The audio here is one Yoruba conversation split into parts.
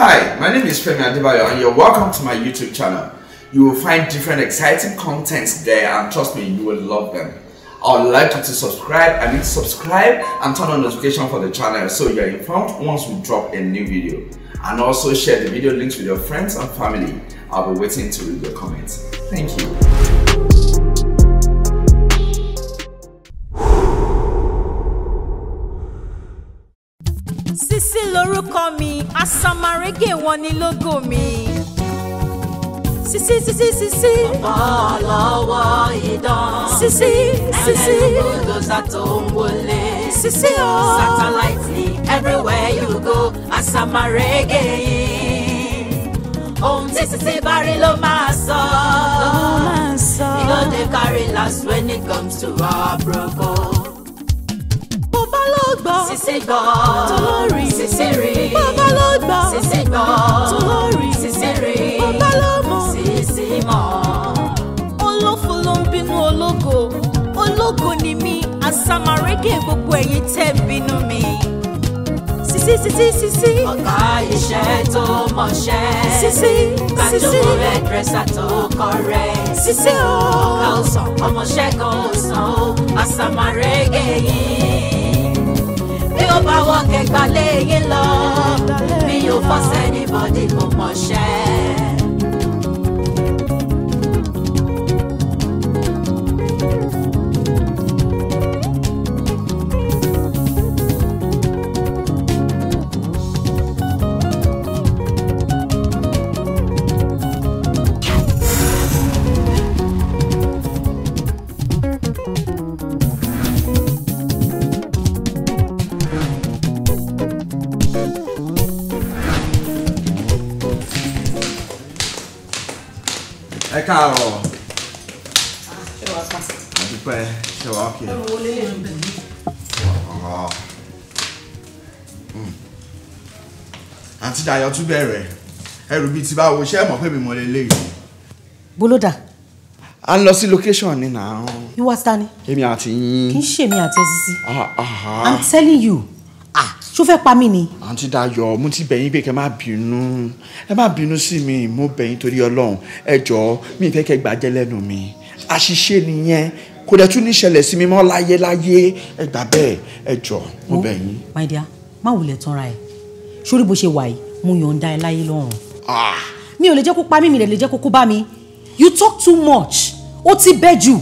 Hi, my name is Femi Adebayo and you're welcome to my YouTube channel. You will find different exciting contents there and trust me, you will love them. I would like you to subscribe, I mean subscribe and turn on notification for the channel so you're informed once we drop a new video. And also share the video links with your friends and family. I'll be waiting to read your comments. Thank you. Sisi lorúkọ mi. àsàmárégè wọn ni lógo mi. Sisi sisi sisi. Ọ̀pọ̀ lọ́wọ́ idán. Sisi sisi. Ẹlẹ́nu bulldozer tó ń wọlé. Sisi o. Satellite ni everywhere you go, àsàmárégè yìí. Ohun tí Sisi bá rí ló máa sọ. Ló máa sọ. He no carry last when it comes to our broko gbọ́. Sisi gbọ́. Tolórí. Sisi rí. Bàbá ló gbọ́. Sisi gbọ́. Tolórí. Sisi rí. Bàbá ló mọ̀. Sisi mọ̀. Olófo ló ń bínú ológo. Ológo ni mí. Àsàmárégè gbogbo ẹ̀yin tẹ́ ń bínú mi. Sisi sisi sisi. Ọ̀gá iṣẹ́ tó mọṣẹ́. Sisi sisi. Gbàjọ́wọ́ rẹ̀ dírẹ́sà tó kọ rẹ̀. Sisi o. Ọ̀gá ọ̀sán ọmọṣẹ́ kan ọ̀sán o. Àsàmárégè yìí bí ó bá wọ kẹgbà léyìn lọ mi ò fọ́ sẹ́ni bọ́dí mo mọ̀ ṣẹ́. káàárọ̀. ṣé wàá pa. àdúpẹ́ ṣé wàá kí. ẹ̀rù wọlé lè ń bẹ̀ mí. àǹtí Dayọ̀ tún bẹ̀rẹ̀ ẹrù bíi ti báwo ṣé ẹ mọ̀ pé mi mọ̀ lélẹ́yìí. bólódà. a ń lọ sí location ni nàá. ìwà sani. èmi àti yín. kì í ṣèmi àti ẹ sisi. I'm telling you ṣó fẹ́ pa mí ni. àǹtí Dayọ̀ mo ti bẹ̀yìn pé kẹ́ má bínú ẹ má bínú sí mi mo bẹ̀yìn torí ọlọ́run ẹ jọ̀ọ́ mi fẹ́ kẹ́ gbàjẹ́ lẹ́nu mi àṣìṣe nìyẹn kò dẹ̀ tún ní ṣẹlẹ̀ sí mi mọ́ láyé ẹ gbà bẹ́ẹ̀ ẹ jọ̀ọ́ mo bẹ̀yìn. my dear má wulẹ̀ tanra ẹ̀ sórí bó ṣe wà yìí mo yọ̀ǹda ẹ láyé lọ́run. Ah! mi ò lè jẹ́ kó pa mí mi lè jẹ́ kó kó bá mi you talk too much ó ti bẹ́ jù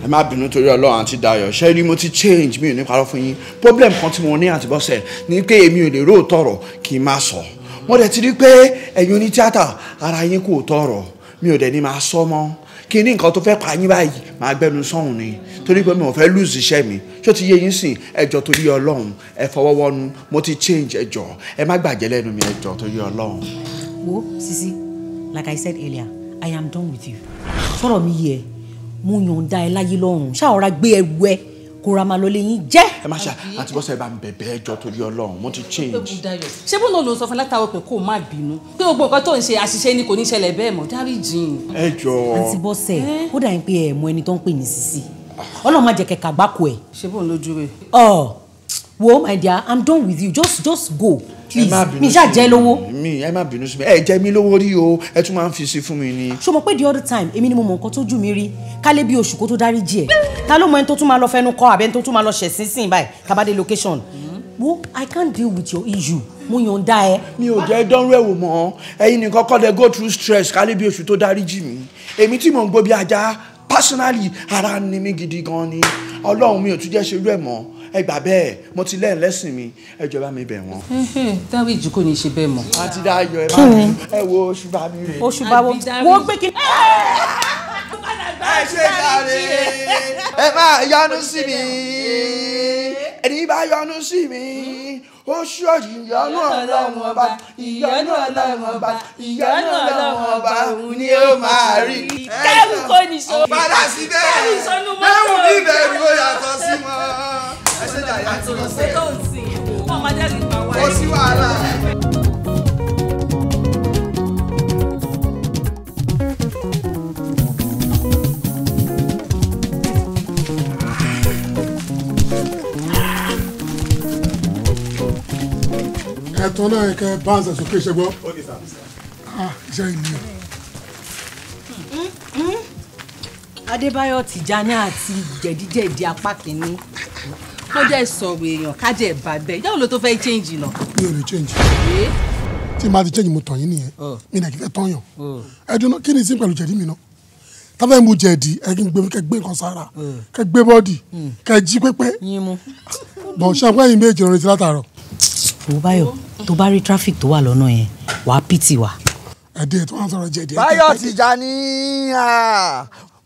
ẹ má bínú torí ọlọ́run àti Dayọ̀ ṣé rí mo ti change mi ò ní parọ́ fún yín problem kan tí mo ní àti bọ́sẹ̀ ni pé èmi ò lè ró tọ̀rọ̀ kí n má sọ mo dẹ̀ ti rí pé ẹ̀yin oní tíátà ara yín kò tọ̀rọ̀ mi ò dẹ̀ ní máa sọ mọ́ kí ní nǹkan tó fẹ́ pa yín báyìí máa gbẹnu sọ̀hún ni torí pé mi ò fẹ́ lose iṣẹ́ mi ṣó ti yé yín sìn ẹjọ́ torí ọlọ́run ẹ fọwọ́ wọnú mo ti change ẹjọ́ ẹ má gbàjẹ́ lẹ́nu mi ẹjọ́ torí ọlọ́run. wo Sisi, like I said earlier, I am done with you sọ̀rọ̀ mi yẹ mo yọ̀ǹda ẹ láyé lọ́rùn ṣáà ra gbé ẹrù ẹ kó ra máa lọ lẹ́yìn jẹ́. ẹ má ṣe àti bọ́sẹ̀ bá ń bẹ̀bẹ̀ ẹjọ́ torí ọlọ́run mo ti change. ṣé bó náà ló sọ fún látàwọn pé kó má bínú pé gbogbo nǹkan tó ń ṣe àṣìṣe ni kò ní ṣẹlẹ̀ bẹ́ẹ̀ mọ́ dáríjìn. ẹ jọ. àǹtí bọ́sẹ̀ ó dà yín pé ẹ mọ ẹni tó ń pè ní Sisi ọlọ́run má jẹ́ kẹ̀kẹ́ àgbákò ẹ̀. ṣé bó ń lójú rẹ̀. ọ oh, wo my dear i'm done with you just just go please mi ṣáà jẹ́ lówó. mi ẹ má bínú sí mi ẹ jẹ́ mi lówó rí o ẹ tún máa ń fi sí fún mi ni. ṣo mo pé the other time èmi ni mo mọ nǹkan tójú mi rí ká lé bí oṣù kó tó dárí jì ẹ ta ló mọ ẹni tó tún máa lọ fẹnu kọ àbẹ ẹni tó tún máa lọ ṣẹ̀sìn sìn báyìí kábàdé location. wo i can't deal with your issue mo yọ̀ǹda ẹ. mi ò jẹ́ dánwó ẹ̀wò mọ́ ẹ̀yin nìkan kọ́ lẹ go through stress ká bí oṣù tó dárí jì mí èmi tí mò ń gbó bí ajá personally ara ni mí gidi gan ni ọlọ́run mi ò tún jẹ́ ṣerú ẹ̀ mọ́ ẹ gbà bẹ́ẹ̀ mo ti lẹ́yìn lẹ́sìn mi ẹ jọba mi bẹ̀ wọ́n. dáwọ́ ìjì kò ní í ṣe bẹ́ẹ̀ mọ́. a ti dá ayọ̀ ẹ bá mi ẹ wo oṣù bá mi rè. oṣù bá wo wo gbé kí. ẹ ṣe kàre ẹ máa yánú sí mi ẹni bá yọ́nú sí mi ó ṣọ́ọ̀ṣì ìyọ́nú ọlọ́run ọba ìyọ́nú ọlọ́run ọba ìyọ́nú ọlọ́run ọba òun ni ó máa rí. kẹ́rù kò ní so padà sí bẹ́ẹ̀ lẹ́wù bí ìbẹ̀rù ó yàtọ̀ sí mọ́ ẹsẹ̀ dàyà tó lọ sí ẹ̀. ó sì wàhálà. ẹ̀tọ́ náà kẹ́ báńsà sókè ṣẹgbọ́ ah, iṣẹ́ ìlú. Hmm, hmm, hmm. Adébáyọ̀ Tìjání àti jẹ̀díjẹ̀dí apá kìíní wọ́n jẹ́ sọ̀rọ̀ èèyàn kájẹ̀ bàbẹ̀ ìjà ló tó fẹ́ change nà. mi ò lè change tí n ti change mo tàn nìyẹn oh. mi nà kí fẹ́ tàn ẹdun oh. kí ni sí pẹ̀lú jẹ̀dí mi náà tábà mo jẹ̀dí ẹ kí n gbé kẹ gbé nǹkan sára oh. kẹ gbé bọ́ọ̀dì kẹ jí pépé bọ̀ ṣàpẹ́yìn méjì rẹ̀ ti látàárọ̀ wo báyọ̀ tó bá rí traffic tó wà lọ́nà yẹn wàá pìtì wa. ẹ̀dẹ̀ tó wà sọ̀rọ̀ jẹ̀dẹ̀. báyọ̀ Tijani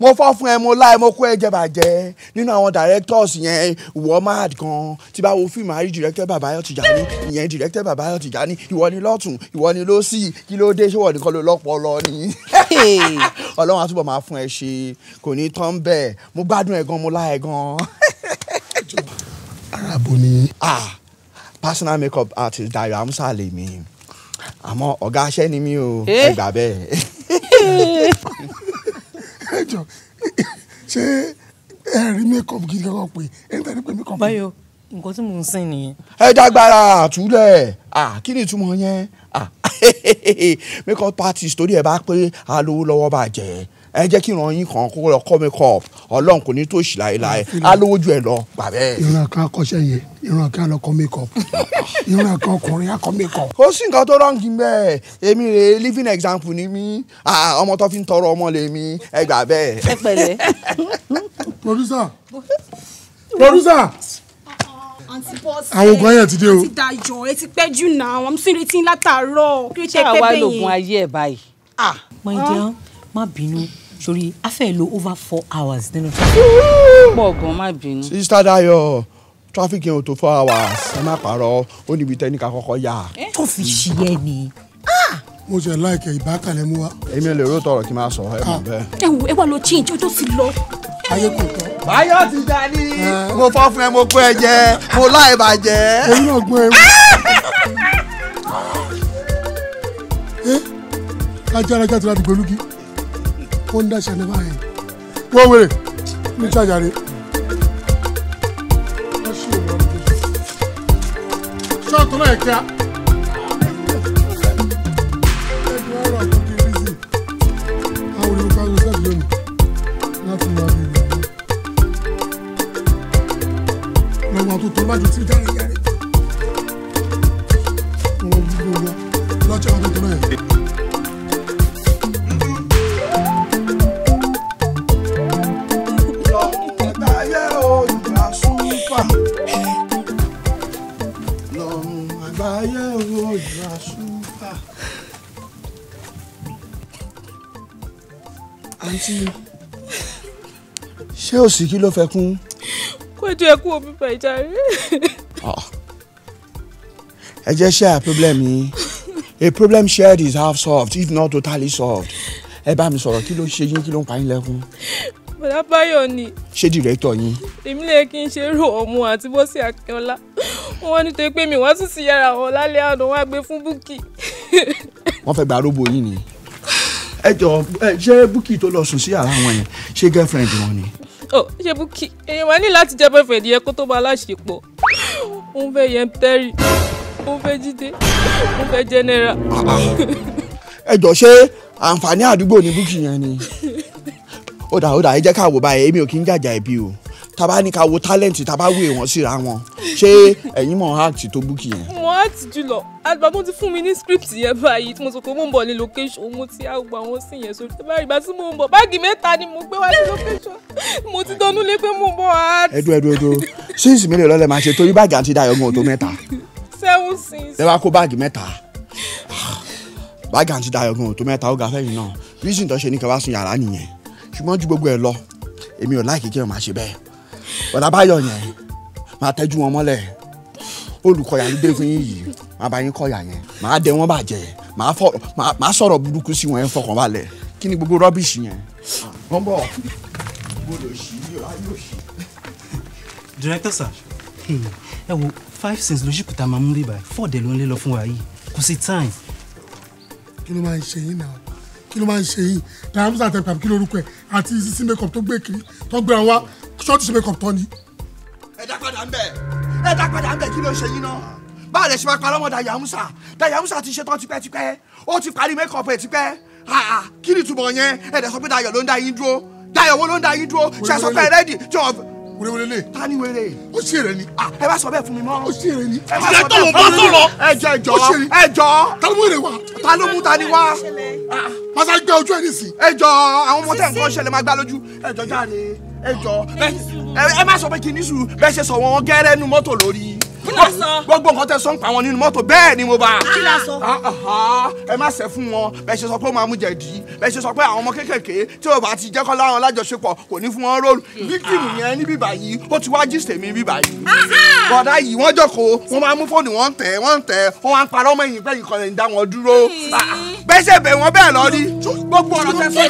mo fọ́ fún ẹ mo láì mo kó ẹ jẹ bàjẹ́ nínú àwọn directors yẹn ìwọ mad gan tí bá wo fíìmù àárí director Bàbáyọ̀ Tìjání ìyẹn director Bàbáyọ̀ Tìjání ìwọ ni lọ́tún ìwọ ni lọ́sì kí ló dé ṣéwọ̀ nìkan ló lọ́pọlọ ni ọlọ́run àtúbọ̀ máa fún ẹ ṣe kò ní tán bẹ́ẹ̀ mo gbádùn ẹ gan mo láì gan. ara bo ni. ah personal makeup artist Dayo Amusa lè mi àmọ́ ọ̀gá aṣẹ́ ni mí o eh? ẹ gbà bẹ́ẹ̀. ẹ jọ ṣé ẹ rí makeup gidi kankan pé ẹ ń tẹ̀lé pé makeup. báyọ̀ nǹkan tí mò ń sìn nìyẹn. ẹ dágbára àtúlẹ̀ kí ni ìtumọ̀ yẹn makeup artist torí ẹ bá pé alówó lọ́wọ́ bàjẹ́ ẹ jẹ́ kí ìran yín kan kó lọ kọ́ makeup ọlọ́run kò ní tó ṣì láéláé á lówó ju ẹ lọ gbà bẹ́ẹ̀. ìran kan akọ́ṣẹ́ yẹn ìran kan lọ kọ́ makeup ìran kan ọkùnrin akọ́ makeup. ó sì nǹkan tó rọ́ǹkì bẹ́ẹ̀ èmi rè living example ni mí ọmọ tó fi ń tọrọ ọmọ lèmi ẹ gbà bẹ́ẹ̀. ẹ pẹ̀lẹ́. producer producer àwọn ogun ayé ti dé o. ti dàjọ etí pẹ́jù náà àwọn sí retí látàárọ̀ kí ló ṣe pé bẹ́yẹn. ṣáà wá lóògùn ayé ẹ̀ báyìí. ah mọ̀ ẹ́ jẹun má bínú sórí a fẹ́ lo over four hours nínú traffic. pọ̀ gan má bínú. sista Dayo traffic yẹn ò tó four hours ẹ má parọ́ ó níbi tẹ́níkà kọ́kọ́ yá. Eh? tó fi ṣiyẹ ni ah! mo ṣe láìkẹ ìbákalẹ̀ mu wa. èmi ò lè ró tọrọ kí n máa sọ ẹ mọ ah. bẹ́ẹ̀. ẹ wò ẹ wà lọ change ojú ti lọ. ayé kò tọ́. báyọ̀ ti dá ní. Eh. mo fọ́ fún ẹ mo kó ẹ jẹ mo láì bàjẹ́. èyí náà gbọ́ ẹ wò. ẹ ah! eh? ajá ajá ti ra dùgbò kó ń dàṣà ní báyìí wọ́n wèrè ní ṣàjàre. ṣọ́ọ̀tún náà kíá. Lọ́wọ́ àtúntò bá ju àǹtí. ṣé òsì kí ló fẹ́ kún. kójú ẹ kú omi bàjá rí. Ah. ẹ jẹ́ share problem yín a problem shared is half solved if not totally solved ẹ bá mi sọ̀rọ̀ kí ló ṣe yín kí ló ń pa yín lẹ́kún. bọ̀dá báyọ̀ ni. ṣé dìrẹ́tọ̀ yín. èmi lè kí n ṣe rò ọmọ àti bọ́sì akínọlá wọn ní tó pé mi wọ́n sì sí yàrá wọn lálẹ́ àná wọn á gbé fún búkì. wọ́n fẹ́ gba arógbó yín ni ẹ jọ ẹ ṣé búkì tó lọ sùn sí yàrá wọn yẹn ṣé girlfriend wọn ni. ọ ṣe búkì èèyàn máa ní láti jẹ boyfriend yẹn kó tó bá láṣepọ̀ òun fẹ́ yẹn tẹ́rì òun fẹ́ jíde òun fẹ́ general. ẹ jọ ṣé àǹfààní àdúgbò ní búkì yẹn ni ó dà ó dà ẹ jẹ́ ká wò báyìí èmi ò kí ń jàjà ẹbí o tàbá ní ká wo talent tàbá wé wọn síra wọn ṣé ẹ̀yin mọ̀ act tó búkì yẹn. mo act jùlọ àgbàgbọ́ ti fún mi ní script yẹn báyìí tí mo sọ pé mo ń bọ̀ ní location mo ti àgbà wọn sí yẹn sórí tẹ́lẹ̀ ìgbà tí mo ń bọ̀ báàgì mẹ́ta ni mo gbé wá sí location mo ti dánú lé pé mo bọ̀ act. ẹdú ẹdú ẹdú sínsì mi lè lọ́lẹ̀ máa ṣe torí báàgì àti dayọ̀ gan-an tó mẹ́ta. seven six. ẹ wá kó báàgì mẹ́ta báàgì ṣùgbọ́n ju gbogbo ẹ lọ èmi ò láì kékeré máa ṣe bẹ́ẹ̀ bọ̀dá báyọ̀ yẹn máa tẹ́jú wọn mọ́lẹ̀ olùkọ́yà ló dé yìí máa bá yín kọ́yà yẹn máa dẹ wọ́n bàjẹ́ máa sọ̀rọ̀ burúkú sí wọn yẹn fọkàn balẹ̀ kí ni gbogbo rọ́bìṣì yẹn. wọ́n bọ̀ gbọdọ̀ sí ayé òsì. director sir hmm. ẹ wo five cents ló ṣìkù tá máa mú rí báyìí four de ló ń lé lọ fún wa yìí kò sí time. kí ló máa ń ṣe yín náà kí ló máa ń ṣe yín dàrámùsà tẹ̀pẹ̀ kí lórúkọ ẹ̀ àti sisi makeup tó gbé kiri tó gbéra wá ṣọ́ọ̀tì ṣe makeup tán ni. ẹ dá padà ń bẹ ẹ dá padà ń bẹ kí ló ṣe yín náà báà lè ṣe máa parọ́ mọ́ Dayọ̀ Amusa Dayọ̀ Amusa ti ṣetán tipẹ́tipẹ́ ó ti parí makeup ẹ̀ tipẹ́ kí ni ìtumọ̀ yẹn ẹ dẹ̀ sọ pé Dayọ̀ ló ń dá yín dúró Dayọ̀ wo ló ń dá yín dúró ṣe sọ pé ẹ rẹ́dì tí wọ́n wèrèwèrè lè. tani wèrè. ó ṣe rẹ ni. Ah, ẹ bá sọ bẹ́ẹ̀ fún mi mọ́. ó ṣe rẹ ni. ẹ bá sọ bẹ́ẹ̀ fún mi mọ́. ẹ jọ ẹ jọ ẹ jọ. ta ló mú èrè wa. ta ló mú tani wa. Ah, masa gbẹ ojú ẹ nísì. ẹ jọ àwọn ọmọ tẹ nǹkan ṣẹlẹ̀ máa gbá lójú. ẹ jọ jáde ẹ jọ ẹ má sọ pé kí ní sùúrù bẹ́ẹ̀ ṣe sọ wọn gẹ́rẹ́ nu mọ́tò lórí kí la sọ. gbogbo nǹkan tẹ sọ pa wọn nínú mọ́tò bẹ́ẹ̀ ni mo bá. kí la sọ. ẹ má ṣe fún wọn bẹ́ẹ̀ ṣe sọ pé ó máa mú jẹ̀dí bẹ́ẹ̀ ṣe sọ pé àwọn ọmọ kéékèèké tí o bá ti jẹ́ láwọn alájọṣepọ̀ kò ní fún wọn róòlù fíkìmù yẹn ní bíbà ó ti wá jíṣẹ́ mi bíbà bọ̀dá yìí wọ́n jókòó wọ́n máa mú fóònù wọn tẹ̀ wọ́n tẹ̀ wọ́n wá ń parọ́ mọ́ ẹ̀yìn pẹ́yìn kan lè dá wọn dúró. bẹ́ẹ̀ ṣe bẹ̀ wọ́n bẹ́ẹ̀ lọ rí gbogbo ọ̀rọ̀ tẹ fẹ́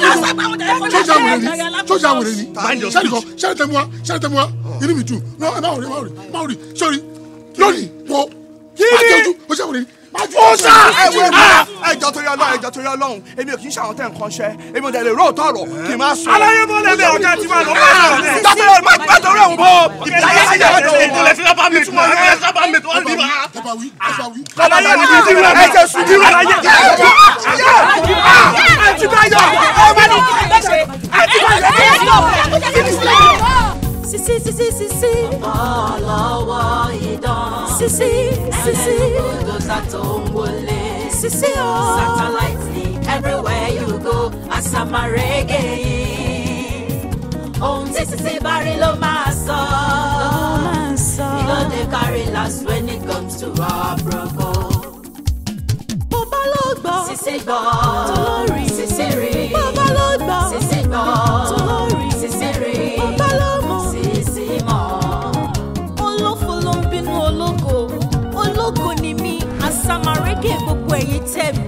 sọ́jà wèrè ni sẹ́ni tẹ̀mú wa sẹ́ni tẹ̀mú wa inú mi dùn náà ẹ má wọrí má wọrí má wọrí sọ́rí lónìí wo àjọjú ó ṣàwọn ènìyàn ó sá ẹwẹ mi. ẹjọ torí Ọlọ́run ẹjọ torí Ọlọ́run èmi ò kì í ṣàwọn tẹ nǹkan ṣe èmi ò tẹ̀lé ró tọrọ kì í máa sọ. aláyé bó lè bẹ ọjà tí wàá lọ bá yàrá rẹ. dọ́kítà ẹ̀ máa gbàdọ̀ rẹ̀ ń bọ̀ ìbílẹ̀ ayé ṣe àjọ ìbílẹ̀ fi lábàá mi túmọ̀ ní ẹ̀ sábà mi tó wà níbà. aláyé ni bí ti rẹ̀ mi. ẹ jẹ́ sùn ní rẹ̀ ayé. bari ló máa sọ. ló máa carry last when it comes to our broko. bó bá ló gbọ́. sísè gbọ́. tó ló rí. sísè rí. bó bá ló gbọ́. sísè gbọ́. tó ló rí. sísè rí. bó bá ló mọ̀. sísè mọ̀. olófo ló ń bínú ológo ológo ni mí àsàmàrékè gbogbo ẹ̀yin tẹ̀